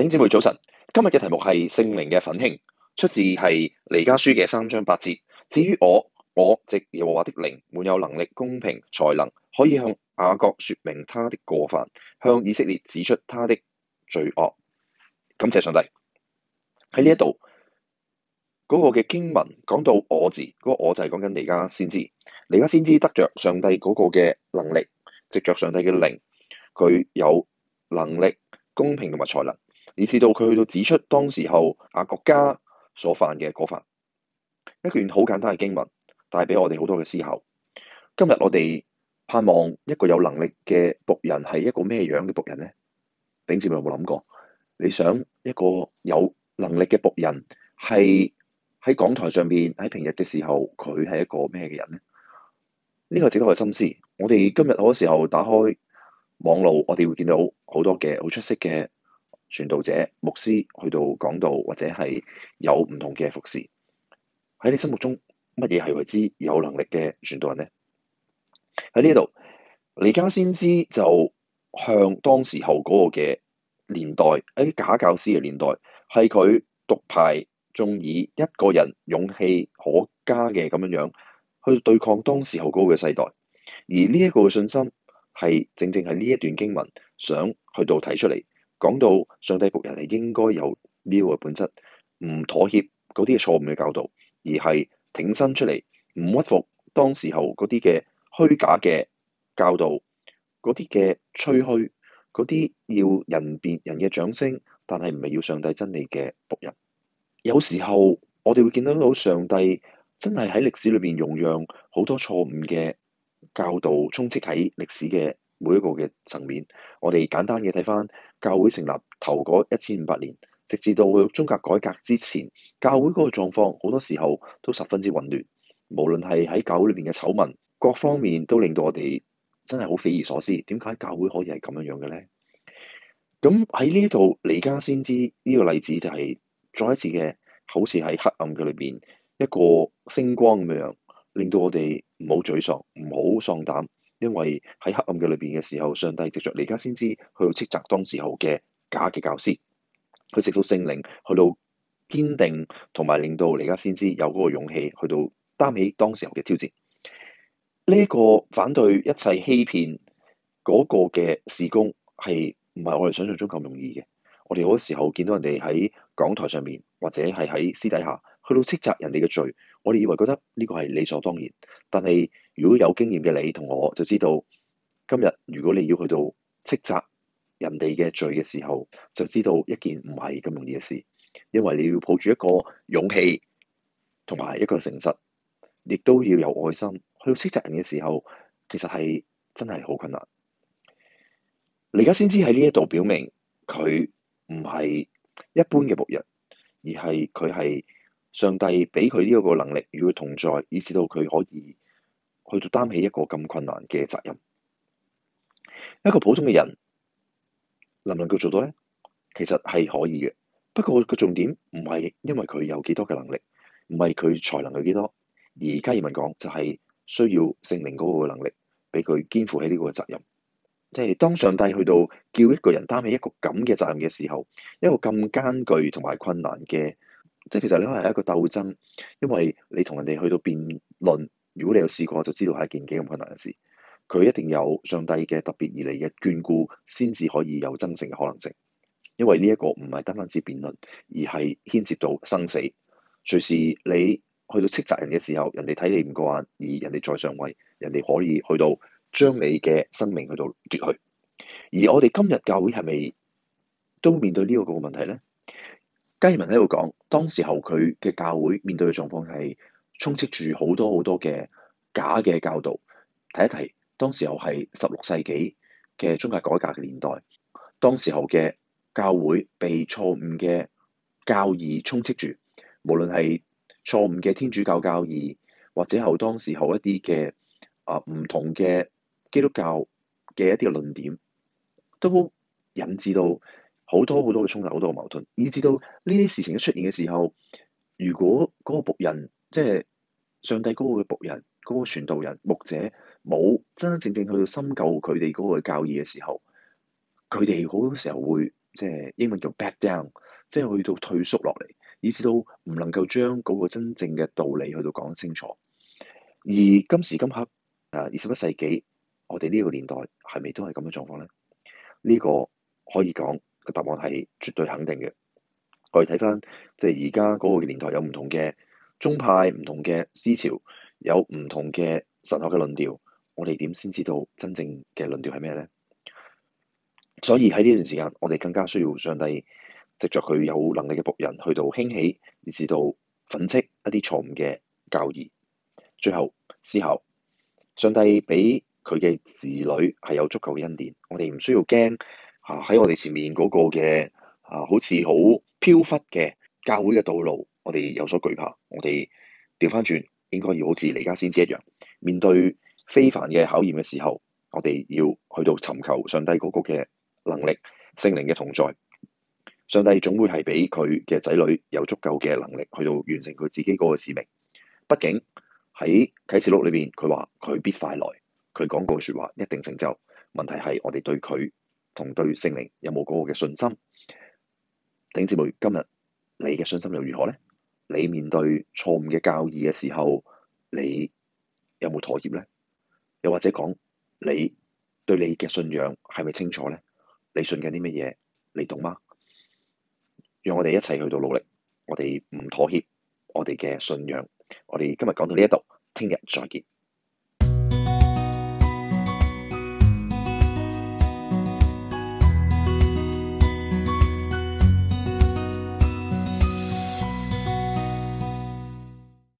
弟兄姊妹早晨，今日嘅題目係聖靈嘅奮興，出自係《彌迦書》嘅三章八節。至於我，我藉耶和華的靈，滿有能力、公平、才能，可以向雅各說明他的過犯，向以色列指出他的罪惡。感謝上帝。喺呢一度嗰個嘅經文講到我字，嗰、那個我就係講緊彌迦先知，彌迦先知得着上帝嗰個嘅能力，藉着上帝嘅靈，佢有能力、公平同埋才能。以至到佢去到指出當時候啊國家所犯嘅嗰份一段好簡單嘅經文，帶俾我哋好多嘅思考。今日我哋盼望一個有能力嘅僕人係一個咩樣嘅僕人呢？頂住咪有冇諗過？你想一個有能力嘅僕人係喺講台上邊喺平日嘅時候，佢係一個咩嘅人呢？呢、這個值得我哋深思。我哋今日好多時候打開網路，我哋會見到好多嘅好出色嘅傳道者、牧師去到講道，或者係有唔同嘅服侍。喺你心目中，乜嘢係為之有能力嘅傳道人呢？喺呢度，彌迦先知就向當時候嗰個嘅年代，喺假教師嘅年代，係佢獨派，仲以一個人勇氣可嘉嘅咁樣樣去對抗當時候嗰個世代。而呢一個信心，係正正喺呢一段經文想去到提出嚟。講到上帝僕人係應該有呢個本質，唔妥協嗰啲嘅錯誤嘅教導，而係挺身出嚟，唔屈服當時候嗰啲嘅虛假嘅教導，嗰啲嘅吹噓，嗰啲要人別人嘅掌聲，但係唔係要上帝真理嘅僕人。有時候我哋會見得到上帝真係喺歷史裏邊容讓好多錯誤嘅教導充斥喺歷史嘅每一個嘅層面。我哋簡單嘅睇翻。教會成立頭嗰一千五百年，直至到宗教改革之前，教會嗰個狀況好多時候都十分之混亂。無論係喺教會裏邊嘅醜聞，各方面都令到我哋真係好匪夷所思。點解教會可以係咁樣樣嘅咧？咁喺呢度，彌迦先知呢個例子就係再一次嘅，好似喺黑暗嘅裏邊一個星光咁樣樣，令到我哋唔好沮喪，唔好喪膽。因為喺黑暗嘅裏邊嘅時候，上帝藉着彌迦先知去到斥責當時候嘅假嘅教師，佢直到聖靈去到堅定，同埋令到彌迦先知有嗰個勇氣去到擔起當時候嘅挑戰。呢、這、一個反對一切欺騙嗰個嘅事工，係唔係我哋想象中咁容易嘅？我哋好多時候見到人哋喺講台上面，或者係喺私底下去到斥責人哋嘅罪，我哋以為覺得呢個係理所當然，但係。如果有經驗嘅你同我就知道，今日如果你要去到斥責人哋嘅罪嘅時候，就知道一件唔係咁容易嘅事，因為你要抱住一個勇氣同埋一個誠實，亦都要有愛心去到斥責人嘅時候，其實係真係好困難。你而家先知喺呢一度表明佢唔係一般嘅僕人，而係佢係上帝俾佢呢一個能力與佢同在，以至到佢可以。去到擔起一個咁困難嘅責任，一個普通嘅人能唔能夠做到呢？其實係可以嘅。不過個重點唔係因為佢有幾多嘅能力，唔係佢才能有幾多。而加爾文講就係需要聖靈嗰個能力，俾佢肩負起呢個責任。即係當上帝去到叫一個人擔起一個咁嘅責任嘅時候，一個咁艱巨同埋困難嘅，即係其實你可能係一個鬥爭，因為你同人哋去到辯論。如果你有試過，就知道係一件幾咁困難嘅事。佢一定有上帝嘅特別而嚟嘅眷顧，先至可以有真正嘅可能性。因為呢一個唔係單單只辯論，而係牽涉到生死。隨時你去到斥責人嘅時候，人哋睇你唔過眼，而人哋在上位，人哋可以去到將你嘅生命去到奪去。而我哋今日教會係咪都面對呢個個問題呢？加爾文喺度講，當時候佢嘅教會面對嘅狀況係。充斥住好多好多嘅假嘅教導，提一提，當時候係十六世紀嘅宗教改革嘅年代，當時候嘅教會被錯誤嘅教義充斥住，無論係錯誤嘅天主教教義或者後當時候一啲嘅啊唔同嘅基督教嘅一啲嘅論點都引致到好多好多嘅衝突，好多嘅矛盾，以至到呢啲事情出現嘅時候，如果嗰個僕人即係。就是上帝嗰個僕人、嗰、那、嘅、個、傳道人、牧者冇真真正正去到深究佢哋嗰個教義嘅時候，佢哋好多時候會即係、就是、英文叫 back down，即係去到退縮落嚟，以至到唔能夠將嗰個真正嘅道理去到講清楚。而今時今刻，誒二十一世紀，我哋呢個年代係咪都係咁嘅狀況咧？呢、這個可以講嘅答案係絕對肯定嘅。我哋睇翻即係而家嗰個年代有唔同嘅宗派唔同嘅思潮，有唔同嘅神學嘅論調，我哋點先知道真正嘅論調係咩咧？所以喺呢段時間，我哋更加需要上帝藉着佢有能力嘅僕人，去到興起，以致到粉飾一啲錯誤嘅教義。最後思考，上帝俾佢嘅子女係有足夠嘅恩典，我哋唔需要驚嚇喺我哋前面嗰個嘅啊，好似好飄忽嘅教會嘅道路。我哋有所懼怕，我哋調翻轉，應該要好似彌迦先知一樣，面對非凡嘅考驗嘅時候，我哋要去到尋求上帝嗰個嘅能力、聖靈嘅同在。上帝總會係俾佢嘅仔女有足夠嘅能力去到完成佢自己嗰個使命。畢竟喺啟示錄裏邊，佢話佢必快來，佢講過說話一定成就。問題係我哋對佢同對聖靈有冇嗰個嘅信心？頂姊妹，今日你嘅信心又如何呢？你面對錯誤嘅教義嘅時候，你有冇妥協咧？又或者講你對你嘅信仰係咪清楚咧？你信緊啲乜嘢，你懂嗎？讓我哋一齊去到努力，我哋唔妥協我哋嘅信仰。我哋今日講到呢一度，聽日再見。